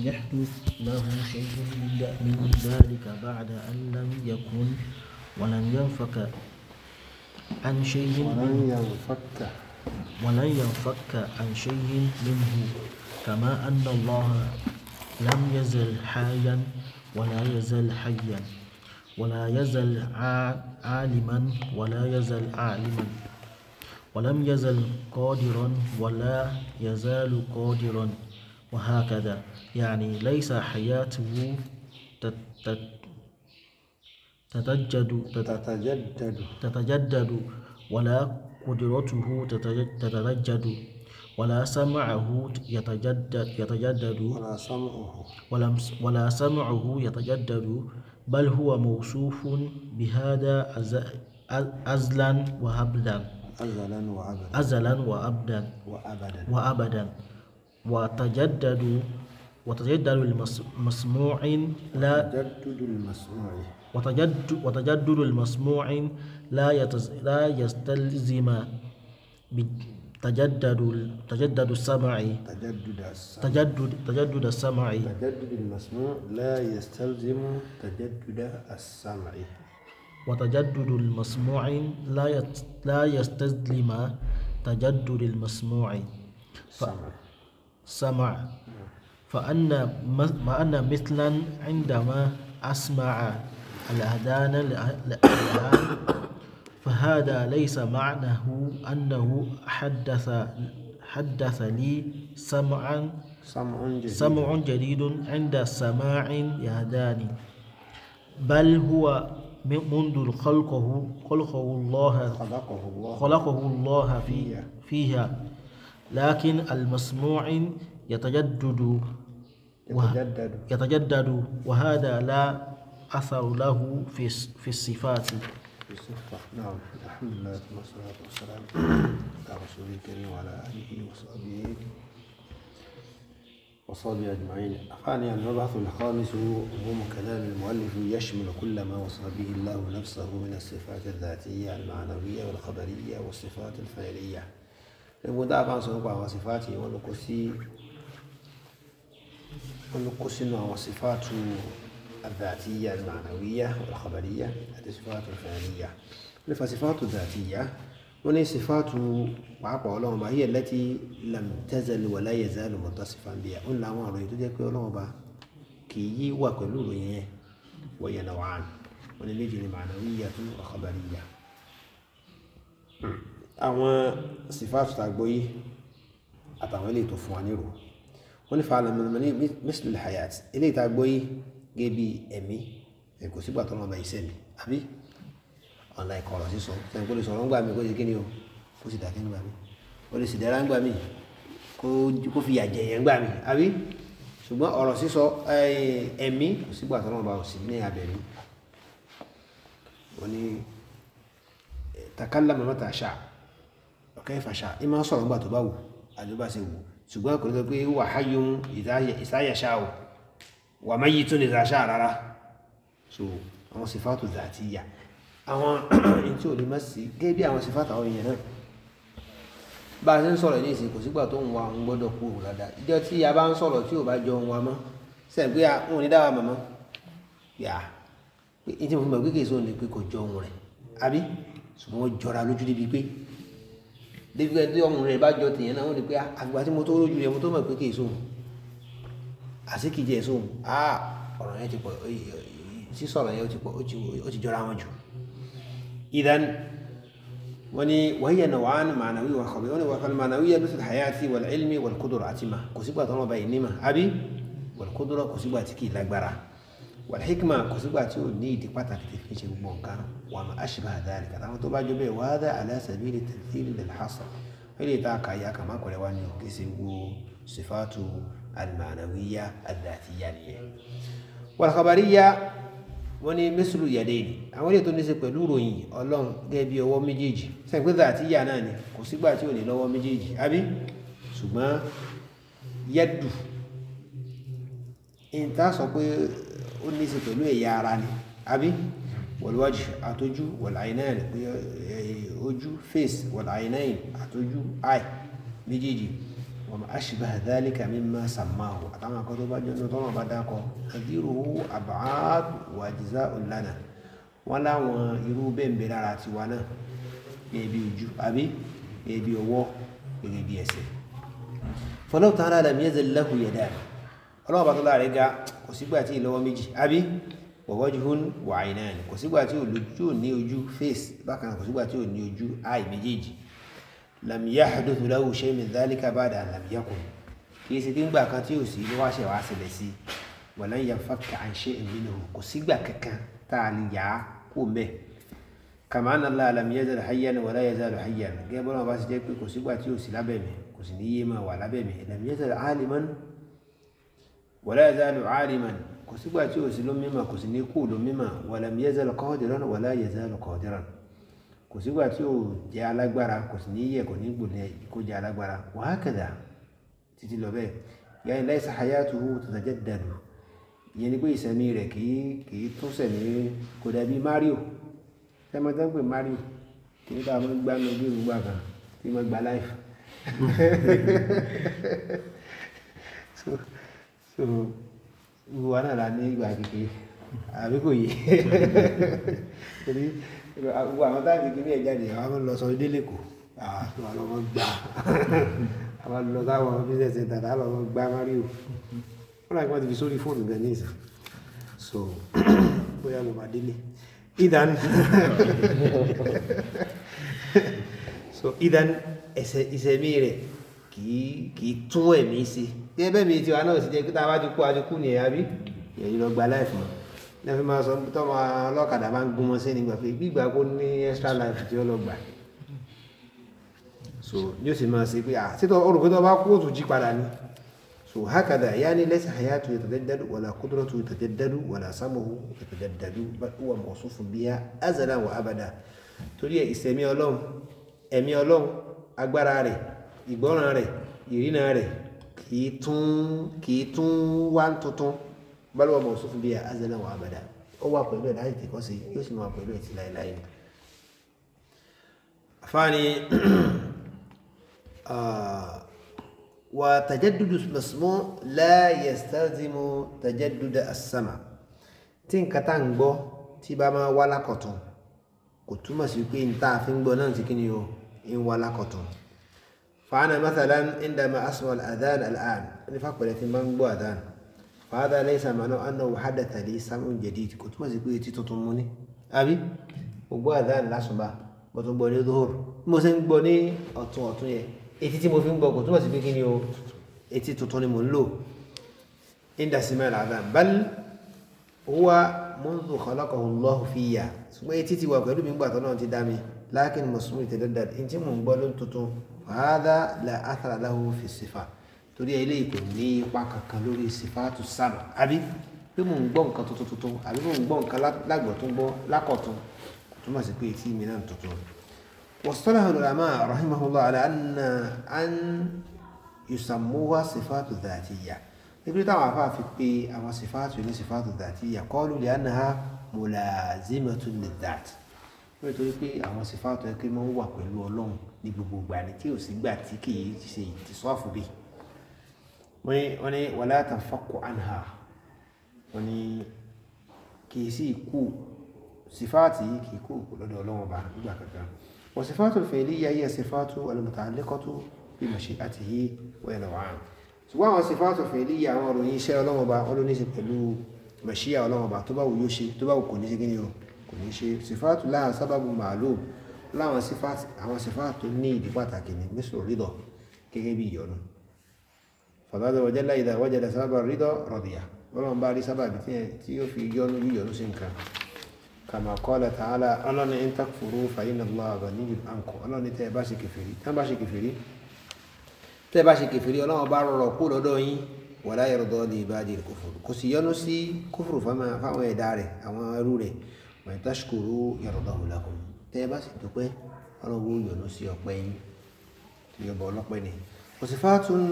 لم يحدث له شيء من ذلك بعد أن لم يكن ولم ينفك عن شيء ولن ينفك ولن ينفك عن شيء منه كما أن الله لم يزل حيا ولا يزل حيا ولا يزل عالما ولا يزل عالما ولم يزل قادرا ولا يزال قادرا وهكذا يعني ليس حياته تتجدد تتجدد تتجدد ولا قدرته تتجدد ولا سمعه يتجدد يتجدد ولا سمعه ولا, سمعه يتجدد بل هو موصوف بهذا أزلا وهبلا أزلا وأبدا أزلا وأبدا وأبدا, وأبدا وتجدد وتجدد المسموع لا تجدد المسموع وتجدد وتجدد المسموع لا يتز لا يستلزم تجدد تجدد السمع تجدد تجدد السمع تجدد المسموع لا يستلزم تجدد السمع وتجدد المسموع لا لا يستلزم تجدد المسموع السمع سمع فأنا أنا مثلا عندما أسمع الأذان فهذا ليس معناه أنه حدث حدث لي سمعا سمع جديد, سمع جديد عند سماع يهداني بل هو منذ خلقه خلقه الله خلقه الله, خلقه الله في فيها لكن المسموع يتجدد يتجدد يتجدد وهذا لا أثر له في في الصفات بصفة نعم الحمد لله ثم الصلاة والسلام على رسوله الكريم وعلى آله وصحبه وصحبه أجمعين أخاني المبحث الخامس هو كلام المؤلف يشمل كل ما وصى به الله نفسه من الصفات الذاتية المعنوية والخبرية والصفات الفعلية gbogbo tá a bá ń sọ nípa àwọn sífáàtì wọn ló kó sí wọn ló kó sínú àwọn sífáàtù àdàtìyà mànàwíyà ọ̀làkọ̀bàríyà àti sífáàtù fẹ̀ríyà nípa sífáàtù àdàtìyà wọn ní sífáàtù pàápàá ọlọ́run bá yẹ lẹ́tí làmùtẹ́zẹ̀lì wà láyé zẹ́lì mọ̀tọ́ sífàǹbíyà ó ní àwọn àròyìn tó jẹ́ pé ọlọ́run bá kì í yí wà pẹ̀lú ìròyìn yẹn wọ́yẹ̀ àwọn sífàtù tàgbóyé àtàwọn ilé tó fún wa nírò wọ́n ní fàálà mọ̀lẹ́mọ̀ ní mẹ́sìlú hayat ilé ìtàgbóyé gẹ́gẹ́ bí ẹ̀mí kò sígbà tó lọ́ba iṣẹ́ mi àbí ọ̀nà ìkọ̀rọ̀ sísọ sẹ́yìn kó lè sọ̀rọ̀ ńgbà mi kó ṣe kíni o kó sì dàkẹ́ ńgbà mi kó lè sì dára ńgbà mi kó fi yàjẹ̀ yẹn ńgbà mi àbí ṣùgbọ́n ọ̀rọ̀ sísọ ẹ̀mí kò sígbà tó lọ́ba ò sí ní abẹ̀mí wọ́n ní takalla mọ̀mọ́ta ṣáà kayfa sha sọ̀rọ̀ nígbà tó bá wù àdúgbà wù ṣùgbọ́n kò lè pé wà hayyun ìsáyàṣá o wà mayyitun ìsáṣá rárá so àwọn sifátù zàtìyà àwọn ẹni tí ò lè má gẹ́gẹ́ bí àwọn sifátù àwọn èèyàn náà bá a ṣe ń sọ̀rọ̀ ní ìsìn kò sígbà tó ń wa òun gbọ́dọ̀ kú òun dáadáa ìjọ tí a bá ń sọ̀rọ̀ tí ò bá jọ wa mọ́ sẹ́yìn pé òun ní dáwà màmá yà á mo fi mọ̀ pé kì í sóun ní pé kò jọ òun rẹ̀ àbí ṣùgbọ́n jọra lójú níbi pé débi pé tí ọmọ rẹ bá jọ tìyẹn náà wọn rí pé ah, àgbà tí mo tó rójú rẹ mo tó mọ̀ pé kìí sóhun àsìkì jẹ sóhun ah ọ̀rọ̀ yẹn ti pọ̀ sísọ̀rọ̀ yẹn ó ti pọ̀ ó ti jọra wọn jù. idan wọn ni wàhíyà náà wàá ní màánà wíwà kọ̀wé ni wàá kọ̀wé màánà lóṣù hayati wàl ilmi wàl kudura àti ma kò sígbà tó wọn bá yìí ní ma àbí wàl kò sígbà tí kì í lágbára wàlhíkìmà kò sígbà tí ò ní ìdí pàtàkì tí fi ṣe gbogbo nǹkan wà má aṣèbá àdáàrí kàtà àwọn tó bá jọ bẹ́ẹ̀ wáá dá aláṣàbí lè tẹ̀síìrì lè lásán ó lè ta àkàyà kàmá kọ̀rẹ́ wá ní òkè sí wo sifatu almanawiya adatiya nìyẹn. wàlkàbàríyà wọn ní mísùlù yàdé ni àwọn ètò ní í ṣe pẹ̀lú ìròyìn ọlọ́run gẹ́gẹ́ bí ọwọ́ méjèèjì sẹ́ńpẹ́ dàtíyà sọ pé ó ní í ṣe pẹ̀lú ẹ̀yà ara ni àbí wọ̀lúwájú àtọ́jú wọ̀láìnáì pé eh, ojú face wọ̀láìnáì àtọ́jú eye méjèèjì wọ́n aṣìbá dhalika mimma sàmáhù àtàwọn akọ́tọ́ bá jẹ́ tọ́nà bá dákọ̀ àdírò àbáàd wà jìzá òlànà wọ́n láwọn irú bẹ́ẹ̀mbẹ̀ lára tiwa náà gẹ́gẹ́ bí ojú àbí gẹ́gẹ́ bí ọwọ́ gẹ́gẹ́ bí ẹsẹ̀ fọlọ́tàn aláàlá mi yẹ́ ọlọ́run bá tó láàrẹ ga kò sígbà tí ìlọ́wọ́ méjì àbí wọ̀wọ́júhún wà àìnáà ni kò sígbà tí ò ní ojú face bákan kò sígbà tí ò ní ojú eye méjèèjì lam yahduthu lahu shay'un min dhalika ba'da an lam yakun kì í ṣe tí ń gbà kan tí ò sí ló wá ṣẹ̀ wá ṣẹlẹ̀ sí wa lan yanfaka an shay'in minhu kò sígbà kankan tá a sí ní yé máa wà lábẹ́ mi lam yazal wala yazalu aliman kò sígbà tí ò sí ló mímọ̀ kò sí ní kú ló mímọ̀ walam yazal qadiran wala yazalu qadiran kò sígbà tí ò jẹ́ alágbára kò sí ní yẹ kò ní gbòlẹ̀ kó jẹ́ alágbára wa hakadha títí lọ bẹ́ẹ̀ ya'ni laysa hayatuhu tatajaddadu ìyẹn ni pé ìsẹ̀mí rẹ̀ kì í kì í tún kò dàbí Mario sẹ́mọ́tẹ́ Mario kì bá wọn gbá mi bí ìrúgbà kan tí wọ́n gba life. so gbogbo wa náà la ní ìgbà kékeré àbí kò yé torí gbogbo àwọn táàbì kékeré ẹ̀ jáde àwọn máa ń lọ sọ ilé lẹ́kọ̀ọ́ àwọn ọlọ́mọ gbà àwọn lọ sáwọn business center àwọn ọlọ́mọ gbà mario wọn náà kí wọ́n ti so bóyá yang máa délé idan so idan ẹsẹ̀ ìsẹ̀mí rẹ̀ ki ki tún misi tí ẹbẹ́ mi tiwa náà sì jẹ́ kí tá a bá ti kú a ti kú nìyẹn àbí èyí lọ gba láìfù mọ́ ní fi máa sọ tọ́mọ ọlọ́kadà máa ń gún mọ́ sí nígbà pé gbígbà kó ní extra life tí ó lọ gbà so yóò sì máa ṣe pé à títọ́ orúkọ tó bá kú òtù jí padà ni so hakada yaani laysa hayatu yatajaddadu wala qudratu yatajaddadu wala samuhu yatajaddadu bal huwa mawsufun biha azala wa abada kìí tún kìí tún wá tuntun bálọ̀ ọmọ òsùn fún bí azẹ́nà wà abada ó wà pẹ̀lú ẹ̀ láti tẹ̀kọ́ sí yóò sì máa pẹ̀lú ẹ̀ ti láéláé afáàní ah, wà tàjẹ́dúdú mọ̀sùmọ́ láàyè stálzímù tàjẹ́dúdú àsàmà tí nǹkan tá ń gbọ́ tí bá máa wá lákọ̀tún kò túmọ̀ sí pé n tá fi ń gbọ́ náà ti kí ni o ń wá lákọ̀tún فأنا مثلا عندما أسمع الأذان الآن فقبل من بوأذان فهذا ليس معناه أنه حدث لي سمع جديد كنت ما زي تطمني أبي وبوأذان لا سمع بطنبوني ظهور mo ṣe ń gbọ́ ní ọ̀tún ọ̀tún yẹn etí tí mo fi ń gbọ́ kò túmọ̀ sí pé kí ni o etí tuntun ni mo ń lò indasima al-adhan bal huwa mundu khalaqahu Allahu fiyya ṣùgbọ́n etí ti wà pẹ̀lú mi ń gbà tó náà ti dá mi lakin mùsùlùmí tẹ̀dẹ̀dà in tí mò ń gbọ́ ló ń tuntun fàádà la athara lahu fi sifa torí ẹ léyìí kò ní ipa kankan lórí sifatu sábà àbí pé mò ń gbọ́ nǹkan tuntun tuntun àbí mò ń gbọ́ nǹkan lágbọ̀ tó ń gbọ́ lákọ̀tún kò túmọ̀ sí pé etí mi náà tuntun. واصطلح العلماء رحمه الله على أن أن يسموها صفات ذاتية nítorí táwọn afáà fi pé àwọn sifaatu ní sifaatu dhatiya qalu li annaha mulazimatu lidhat nítorí pé àwọn sífàtọ̀ ẹ pé wọ́n wà pẹ̀lú ọlọ́run ní gbogbo ìgbà ni tí ò sí gbà tí kì í ṣe ìtìsọ́ àfòbí wọ́n ní wàlá tanfaku anha wọ́n ní kì í sí ikú sífàtì kì í kú lọ́dọ̀ ọlọ́run ọba nígbà kankan wọ́n sífàtù fẹ̀líyà yẹ sífàtù al-muta'alliqatu bí mashi'atihi wa ṣùgbọ́n àwọn sífàtù fẹ̀líyà àwọn ọ̀rọ̀ yìí iṣẹ́ ọlọ́run ọba ọlọ́run ní ṣe pẹ̀lú màṣíyà ọlọ́run ọba tó bá wù yóò ṣe tó bá wù kò ní ṣe kí ni o kò ní ṣe sífàtù láà sábàbù màálù láwọn sífàtù àwọn sífàtù ní ìdí pàtàkì ní mísòrò rídọ gẹ́gẹ́ bí ìyọnu fàbádọ wọjẹ láì dá wọjẹ dá sábà rídọ rọdìyà bọlọ bá rí sábàbí tí yóò fi yọnu bí ìyọnu sí nǹkan kàmà kọ́lá tààlà ọlọ́ni ń takfuru fàyínà lọ́wọ́ níbi àǹkọ́ ọlọ́ni tẹ́ bá ṣe kẹfìrí tẹ́ bá ṣe kẹfìrí tẹ́ bá ṣe kẹfìrí ọlọ́wọ́ bá rọrọ̀ kú lọ́dọ̀ yín wàlá yẹrọ dọ́ ní ìbàdí kòfòrò kò sì yọnu sí kófòrò fáwọn ẹ̀dá rẹ̀ àwọn ẹrú rẹ̀ wa tashkuru yardahu lakum tẹ́ ẹ bá sì dúpẹ́ ọlọ́wọ́ yọ̀nù sí ọpẹ́ yín tí yọ̀bọ̀ ọlọ́pẹ́ ni wasifatun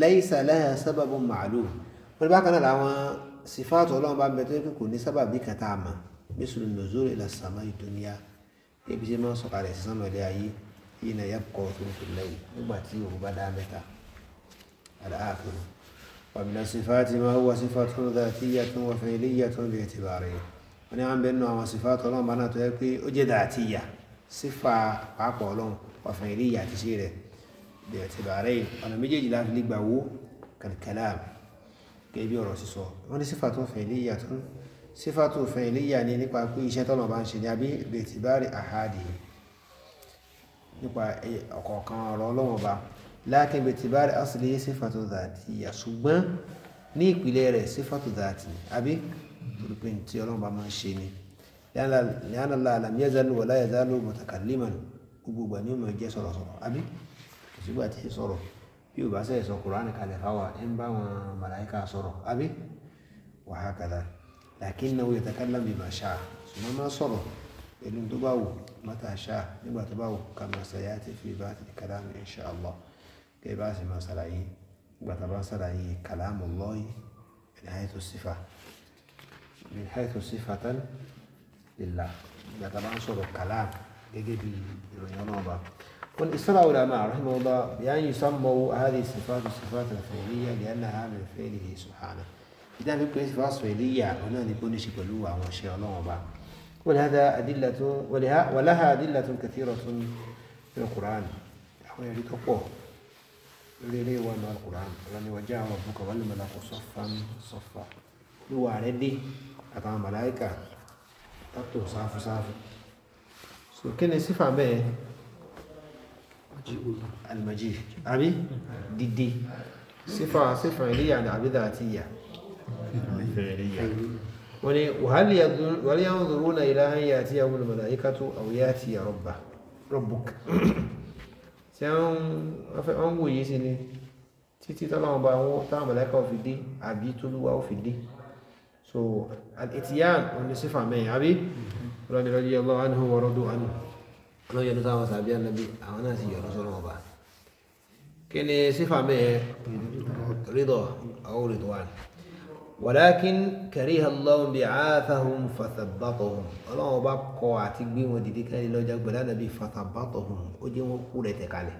laysa laha sababun ma'lum wọ́n bá kan náà làwọn sífàtù ọlọ́run bá bẹ tó yẹ kò ní sábàbí kan tá a mọ̀ mislu nuzul ila samai dunya ebi tí wọ́n sọ̀kalẹ̀ sí sánmà ilé ayé yìí náà yàpọ̀ fúnfún lẹ́yìn nígbà tí òun bá dá mẹ́ta àdáhàfin wa min as-sifati ma huwa sifatun dhatiyatun wa wọ́n ní wọ́n bẹ nínú àwọn sífà tó ọlọ́run bá náà tó yẹ pé ó jẹ́ dàtí ìyà sífà pàápọ̀ ọlọ́run ọ̀fìn ìrí ìyà àti sí rẹ̀ bẹ̀rẹ̀ ti bàárẹ̀ ọ̀nà méjèèjì láti lè gbà wó kàlkàlà gẹ́gẹ́ bí ọ̀rọ̀ sísọ wọ́n ní sífà tó fẹ̀ ilé ìyà tó sífà tó torí pé tí ọlọ́run bá máa ń ṣe ni yàrá làlàm yẹ́zálù wọ̀lá yẹ́zálù mọ̀tàkàlímàn gbogbo ìgbà ni ó máa jẹ́ sọ̀rọ̀sọ̀rọ̀ àbí kò sígbà tí ì sọ̀rọ̀ bí ò bá sẹ́yìn sọ kùránì kalẹ̀ fáwa ẹ̀ ń bá wọn màláìka sọ̀rọ̀ àbí wàhákàlà làkínnáwó yatakallamu bima sha'a ṣùgbọ́n máa sọ̀rọ̀ pẹ̀lú tó bá wù mata sha'a nígbà tó bá wù kama sayati fi ba'di kalami insha Allah kẹ́ bá sì máa ṣàlàyé nígbà tó bá ṣàlàyé kalamullahi min haythu sifa من حيث صفة لله ده طبعا صدق كلام يجي بالرياضة قل استرى العلماء رحمه الله بأن يعني يسموا هذه الصفات الصفات الفعلية لأنها من فعله سبحانه إذا لم يكن صفات فعلية هنا نكون شكلوها وشيء الله ولهذا أدلة ولها ولها أدلة كثيرة في القرآن أو لتقوه لي ليه وأنا القرآن يعني وجاء ربك ولم والملك صفا صفا هو على àtàwọn màláìkà tàbí sáfúsáfú so kí ni sífà bẹ́ẹ̀ alìmọ̀jì àbí hmm. dìde sífà sífà ìlíyà àbídà àti ìyà wọ́n ni wàhálì yàwó zuru na ilá hanyar àti yàwó na màláìkà tó àwòyá àti yà rọ́bùk tí wọ́n wòye sí ni títí tọ́lọ́wọ́n bá wọn táwọn màláìkà ò fi dé àbí tólúwa ò fi dé so al-itiyan oní sífà mẹ́yìn àbí rọ́ni radiyallahu anhu wa radu anhu wọ́n yọ̀nù sáwọn sàbí ànábì àwọn náà sì yọ̀nù sọ́nà ọba kí ni sífà mẹ́yìn rídọ̀ àwọn ridwan wàlákin kariha Allahu bi'athahum fathabbatahum ọlọ́run ọba kọ àti gbé wọn dìde káyọ̀ lọ́jà gbẹ̀dá nàbí fathabbatahum ó jẹ́ wọn kú rẹ̀ tẹ̀kalẹ̀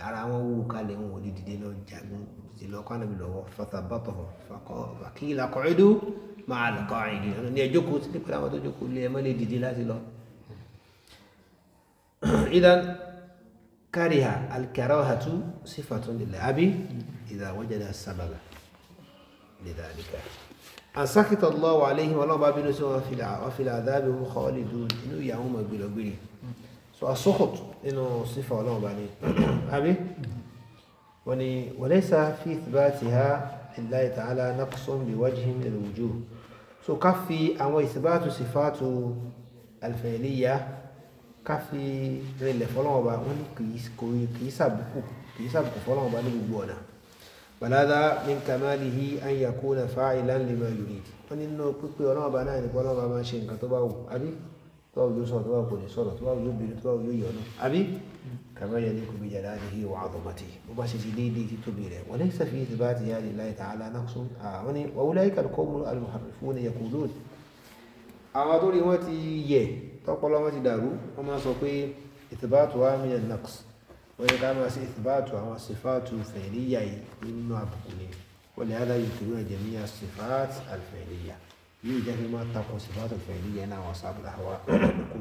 ara wọn wú kalẹ̀ wọn ò lè dìde lọ jagun sì lọ kọ́ ànábì lọ́wọ́ fatabatahum fakọ́ fakila qudu ma'a al-qa'idin ní ẹ jókòó sí nípa àwọn tó jókòó lé ẹ má lè dìde láti lọ. idan kariha al-karahatu sifatun lillah abi idha wajada as-sababa lidhalika asakita allah alayhi wa lọ́ba bínú sí wọn fi àdábì wọn kọ́ ọ́ lè dùn inú ìyàwó mọ̀ gbìlọ̀gbìlì. so asokot nínú sífà ọlọ́run bá ní àbí wọ́n ni walaysa fi ithbatiha lillahi ta'ala naqsun biwajhin min al-wujuh so ká fi àwọn ìsìbáàtù sífàtù al-fi'liyya ká fi rinlẹ̀ fọlọ́run bá wọ́n ní kìí sàbùkù kìí sàbùkù fọlọ́run bá ní gbogbo ọ̀nà bàládà min kamalihi an yakuna fa'ilan lima yurid wọ́n nínú pípé ọlọ́run bá náà ní bọ́lọ́run bá máa ṣe nǹkan tó bá wù àbí tọ́wọ́ yóò sọ̀rọ̀ tọ́wọ́ kò ní sọ̀rọ̀ tọ́wọ́ yóò bínú tọ́wọ́ yóò yọ̀nà àbí kàmá yẹ ní kùbí jàdá ní ìwà àdọ̀mọ́tì ó bá ṣe ti déédéé ti tóbi rẹ̀ wọ́n ní sàfi ti bá ti yá ní láì tààlà náà sún àwọn ni wọ́n wúláyé kàlùkọ́ mú alùpàfún ní yẹkùn lónìí. àwọn tó rí wọn ti yẹ tọpọlọ wọn ti dàrú wọn máa sọ pé ìtìbáàtù wa mi yẹn naqs wọn yẹ ká máa ṣe ìtìbáàtù àwọn sifaatu fẹ̀ríyà yìí nínú àbùkù ni wọ́n lè yóò jẹ́ fi máa takò sí bá tó fẹ̀ rí yẹn náà ọ̀sán àbúrò àwa kò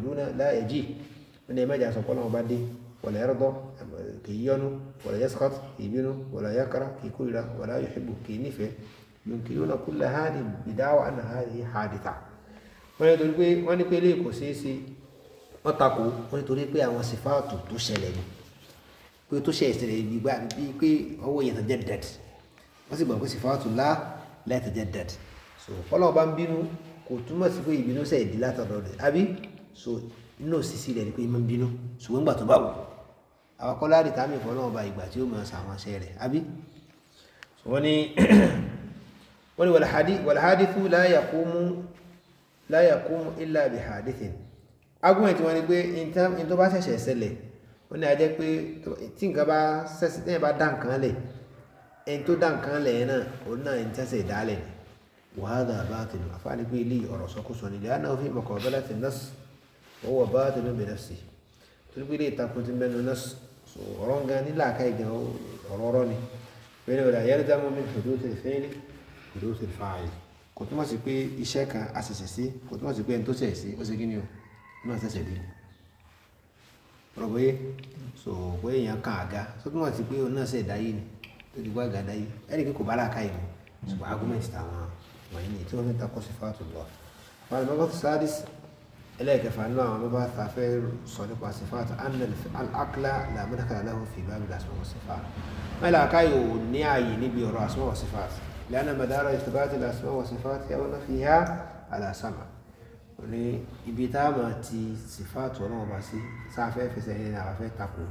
lónà láàyè jì wọn ni mẹ́jọ àsọ̀kọ́ náà bá dé wala yarda kì í yọnu wala yaskat kì í bínú wala yakara kì í kórira wala yuhibbu kì í nífẹ̀ẹ́ yunkiruna kulla hadi bidawa anna hadi hadita wọ́n ní torí pé wọ́n ní pé ilé kò ṣeé ṣe wọ́n takò wọ́n ní torí pé àwọn sífáàtù tó ni pé tó ṣe ìṣẹ̀lẹ̀ ìgbà bíi pé ọwọ́ yẹn tajaddad wọ́n sì gbà pé sífáàtù lá la tajaddad so ọlọ́run bá ń bínú kò túmọ̀ sí pé ìbínú sẹ̀ ìdí látọ̀dọ̀ rẹ̀ àbí so inú òsìsì rẹ̀ ni pé máa ń bínú ṣùgbọ́n gbà tó bá wù àwọn kọ́lá rè tá mi fọ́ ọlọ́run ìgbà tí ó máa sàwọn ṣẹ́ rẹ̀ àbí so wọ́n ní wọ́n ní wàlhádìfù la yaqumu la yaqumu illa bihadithin argument wọn ni pé in tó bá ṣẹ̀ṣẹ̀ ṣẹlẹ̀ ó ní ajẹ́ pé tí nǹkan bá ṣẹ̀ṣẹ̀ tí nǹkan bá dá nǹkan lẹ̀ ẹni tó dá nǹkan lẹ̀ náà òun náà ń tẹ́sẹ̀ dálẹ̀ ni وهذا باطل عفان بي لي ورسوكسوني لأنه في مقابلة النص وهو باطل بنفسه تلقي لي تاكوت من النص ورونغاني لا كايجا وروروني bẹ́ẹ̀ ọ̀rọ̀ àyẹ́rẹ́dámọ́ mi fòdó tẹ̀ fẹ́ẹ́lẹ́ fòdó tẹ̀ fàáyì kò túmọ̀ sí pé iṣẹ́ kan àṣẹ̀ṣẹ̀ sí kò túmọ̀ sí pé ẹni tó ṣẹ̀ sí ó ṣe kí ni o náà ṣẹ̀ṣẹ̀ dé rọ̀bọ̀yé so pé èèyàn kan àga tó túmọ̀ sí pé òun náà ṣẹ̀ dáyé ni tó ti gbọ́ àga dáyé ẹ̀rí pé kò bá làákàyè mu ṣùgbọ́n argument tàwọn وإني توهم تقو صفات الله قال المبحث السادس إليك فأنواع المبحث عفير صدق وصفات أن العقل لا مدخل له في باب الأسماء والصفات ما لا كايو نياي نبي الأسماء والصفات لأن مدار إثبات الأسماء والصفات يؤمن فيها على سمع ní ibi tá a máa ti sífàtù ọlọ́run bá sí sáfẹ́ fẹsẹ̀ ní ara fẹ́ takùn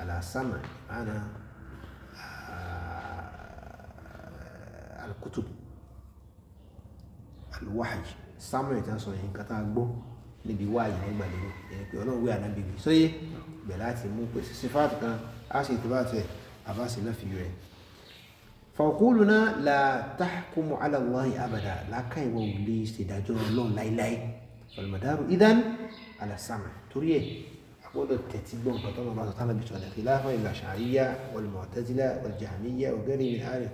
àlàsánà àna alkutub wáyé samuel ti ń sọ yìí nǹkan tá a gbọ́ níbi wáyé ní gbàlérò èyí pé ọlọ́run wí ànábì mi sóyè bẹ̀ láti mú pé sífáàtì kan á sì ti bá tẹ̀ àbá sí náà fi rẹ̀. fọ̀kúlùná la tahkumu ala Allahi abada láká ìwọ ò lè ṣèdájọ́ ọlọ́run láíláí ọ̀lùmọ̀dárò idan ala samuel torí ẹ̀ gbọ́dọ̀ tẹ̀tí gbọ́n nǹkan tọ́lọ́ bá sọ tánàbí sọ̀rọ̀ khilafa ìlà ṣàríyá wal mu'tazila wal jahmiyya wa ghairi min ahli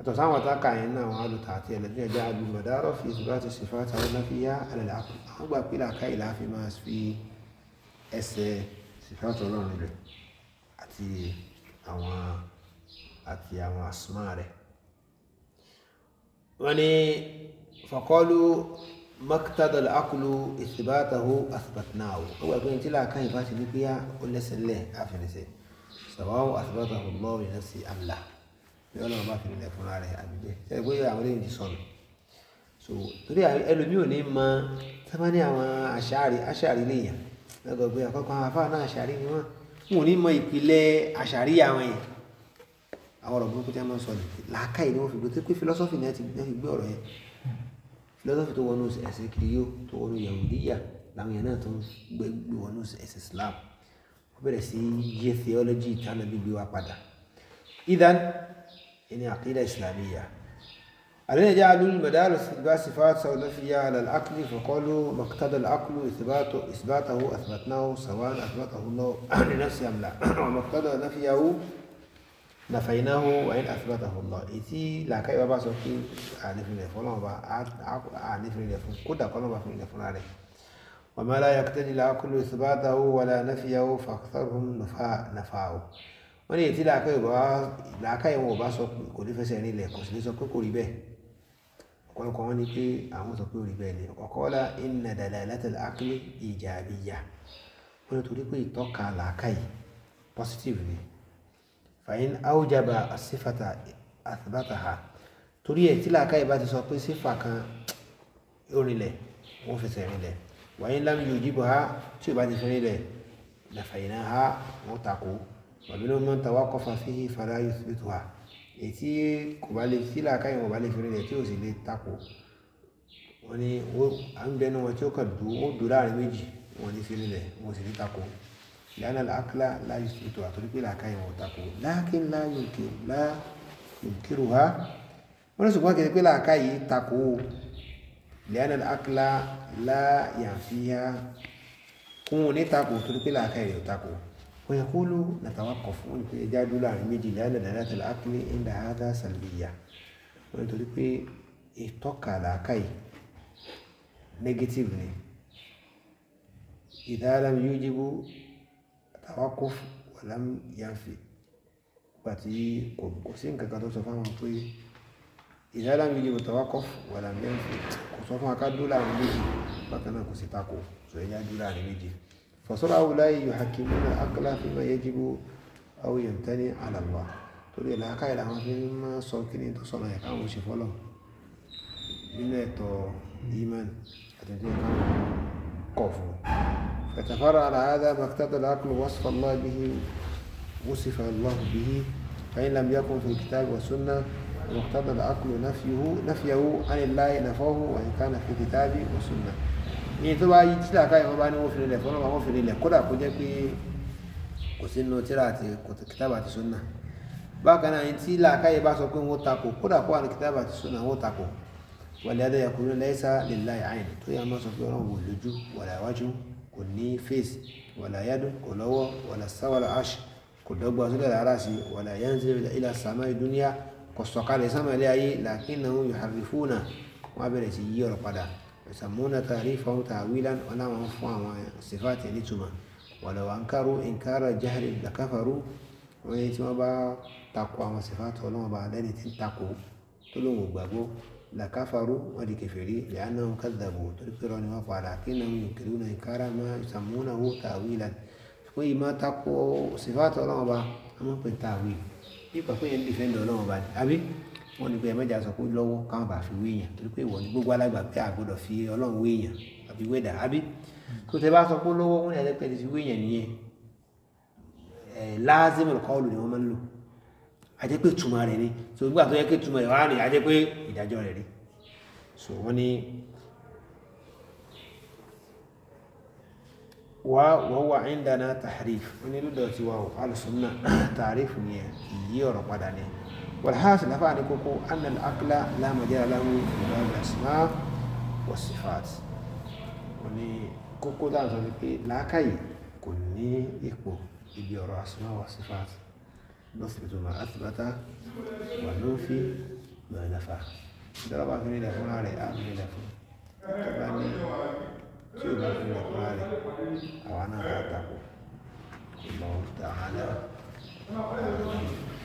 yàtọ̀ sáwọn àtàkà yẹn náà wọn alùtà àti ẹlẹ́dún ẹja alùmọ̀dárọ̀ fi ìtura ti ṣèfà tí àwọn náà fi yá alẹ́lẹ́ àpò àwọn gbà pé làákà ìlà fi máa fi ẹsẹ̀ ṣèfà tó lọ́rùn rẹ̀ àti àwọn àti àwọn àsùnmá rẹ̀. wọ́n ní faqalu maktadal akulu ìsìbátahu asbatnahu ó gbà pé tí làákà ìbá ti ní pé ó lẹ́sẹ̀ lẹ̀ àfẹnẹsẹ̀ sàbáwọ̀ asbatahu Allahu li nafsi amla ní ọlọ́run bá fi nílẹ̀ fúnra rẹ̀ àbíjẹ́ sẹ́yìn pé àwọn eléyìí ti sọnù so torí ẹlòmíì ò ní mọ tí wọ́n ní àwọn àṣàrí àṣàrí lèèyàn lọ́gọ̀ pé àkọ́kọ́ àwọn afáà náà àṣàrí ni wọ́n wọn ò ní mọ ìpìlẹ̀ àṣàrí àwọn yẹn àwọn ọ̀rọ̀ burúkú tí wọ́n máa ń sọ ní làákàyè ni wọ́n fi gbé tó pé philosophy náà ti gbé ọ̀rọ̀ yẹn philosophy tó wọnú ẹ̀sìn kìrìyó tó wọnú yahudiya làwọn yẹn náà tó gbé wọnú ẹ̀sìn islam wọ́n bẹ̀rẹ̀ sí yé theology tí wọ́n wa padà idan يعني عقيدة إسلامية الذين جعلوا المدارس إثبات صفات سواء نفية على العقل فقالوا ما اقتضى العقل إثباته إثباته أثبتناه سواء أثبته الله لنفسه أم لا وما اقتضى نفيه نفيناه وإن أثبته الله إتي لا كي بابا سوكي أعرفني لفو لما أعرفني لفو كده قلنا قلما أعرفني لفو عليه وما لا يقتضي العقل إثباته ولا نفيه فأكثرهم نفاه نفاه wọ́n ní ètí làákà ìwọ̀n làákà ìwọ̀n ọba sọ pé kò ní fẹsẹ̀ rìn ilẹ̀ kò sì ní sọ pé kò rí bẹ́ẹ̀ ọ̀pọ̀lọpọ̀ wọn ni pé àwọn sọ pé ò rí bẹ́ẹ̀ ni ọ̀kọ́lá inna dalalatal aqli ijabiyya wọ́n ní torí pé ìtọ́ka làákà yìí positive ni fàyín awjaba sífàtà athbataha torí ẹ̀ tí làákà yìí bá ti sọ pé sífà kan orinlẹ̀ wọ́n fẹsẹ̀ rinlẹ̀ wàyín lam yujibha tí ò bá ti fi rinlẹ̀ làfàyìn náà wọ́n takò ọ̀bínú mọ́ tàwa kọfà fi fara yusufu wa ètí kò bá lè sí làákàyè wọn bá lè fi rẹ̀ tí ò sì lè takò wọn ni à ń bẹnu wọn tí ó kàn dùn ó dùn láàrin méjì wọn ní fi rẹ̀ wọn sì lè takò lẹ́nà làákàlà láyé yusufu wa torí pé làákàyè wọn takò láàkín láyé yòókìrò ha wọn lè ṣùgbọ́n kìí pé làákàyè takò lẹ́nà làákàlà láyàfíà kún un ní takò torí pé làákàyè wọn takò. ويقول نتوقف يجادل عن ميدينا دلالة العقل عند هذا سلبية ويقول لك ìtọ́ka làákàyè negative ni ìdáàlám yóò jíbú tawakuf wàlám yànfi pàtí kò sí nǹkan kan tó sọ fáwọn pé ìdáàlám yóò jíbú tawakuf wàlám yànfi kò sọ fún akádúrà méjì bákan náà kò sí tako sọ ẹ̀yà dúrà méjì فصار هؤلاء يحكمون عقلا فيما يجب أو يمتنع على الله تقول لا كاي لا ما في ما سوكني تو صلاة كام وشفولو إن تو إيمان أتدري كام كفر فتفرع على هذا ما اقتضى العقل وصف الله به وصف الله به فإن لم يكن في الكتاب والسنة واقتضى العقل نفيه نفيه عن الله نفاه وإن كان في الكتاب والسنة ní tó bá yí tílà káyọ̀ wọn bá ní wọ́n fi nílẹ̀ fọ́nà wọn fi nílẹ̀ kódà kó jẹ́ pé kò sí nínú tíra àti kìtàbà àti súnà bákan náà tílà káyọ̀ bá sọ pé wọ́n takò kódà kó wà ní kìtàbà àti súnà wọ́n takò wàlẹ́ adé yàkùn ní lẹ́sà lèlá àyìn tó yà máa sọ pé ọlọ́run wò lójú wàlẹ́ àwájú kò ní fèsì wàlẹ́ àyádù kò lọ́wọ́ wàlẹ́ sáwàlà ash kò dọ́gba sílẹ̀ rárá sí wàlẹ́ àyánzẹ́ ilà sàmà ìdúnyà kò sọ̀kalẹ̀ sàmà ilé ayé làkínà yóò harifúnà wọn bẹ̀rẹ̀ sí yí ọ̀rọ̀ padà ìsàmúnà tààrí fọ́n tààwílán ọláwọn fún àwọn sífàtì nítumọ̀ wàlọ́wà ń kárò ń kárò jáhìrì làkàfàrú wọ́n yẹ tí wọ́n bá takò àwọn sífàtì ọlọ́wọ́n bá lẹ́ni tí ń takò tó lóun ò gbàgbọ́ làkàfàrú wọ́n di kẹfẹ́rí lẹ́yìnà ń kàdàbò torí pé rọ́ọ̀ni wọ́n padà kí náà yóò kiri náà kára máa ìsàmúnà wó tààwílán wọ́n yìí máa takò sífàtì ọlọ́wọ́n bá wọ́n pè tààwí bí pàpẹ́yẹn dìfẹ́ndọ̀ ọlọ́wọ́n bá àbí wọ́n ní pé ẹ̀mẹ́jà sọ pé lọ́wọ́ káwọn bá fi wéèyàn torí pé ìwọ ni gbogbo alàgbà pé àgbọ̀dọ̀ fi ọlọ́run wéèyàn àbí wéèdà àbí tó tẹ bá sọ pé lọ́wọ́ wọ́n ní ẹlẹ́pẹ́ ti fi wéèyàn nìyẹn ẹ̀ láàzímù kọ́ọ̀lù ni wọ́n máa ń lò àti pé túmọ̀ rẹ̀ ni so gbogbo àtúnyẹ pé túmọ̀ rẹ̀ wá rìn àti pé ìdájọ́ rẹ̀ rí so wọ́n ní wá wọ́n wà ń dáná tàríf wọ́n ní lọ́dọ̀ tiwa alùsùn náà tàríf ni ìyí ọ̀rọ̀ padà ni والحاصل نفع لكوكو أن العقل لا مجال له في باب الأسماء والصفات وني kókó dáhùn sọ ni pé làákàyè kò ní ipò ibi ọ̀rọ̀ asma wa sifat lọ́sibítù ma àtìbátá wà ló fi lọ ìlàfà ìjọba bá fi nílẹ̀ fúnra rẹ̀ àmì nílẹ̀ fún ìjọba ní tí ó bá fi nílẹ̀ fúnra rẹ̀ àwa náà bá tako ìmọ̀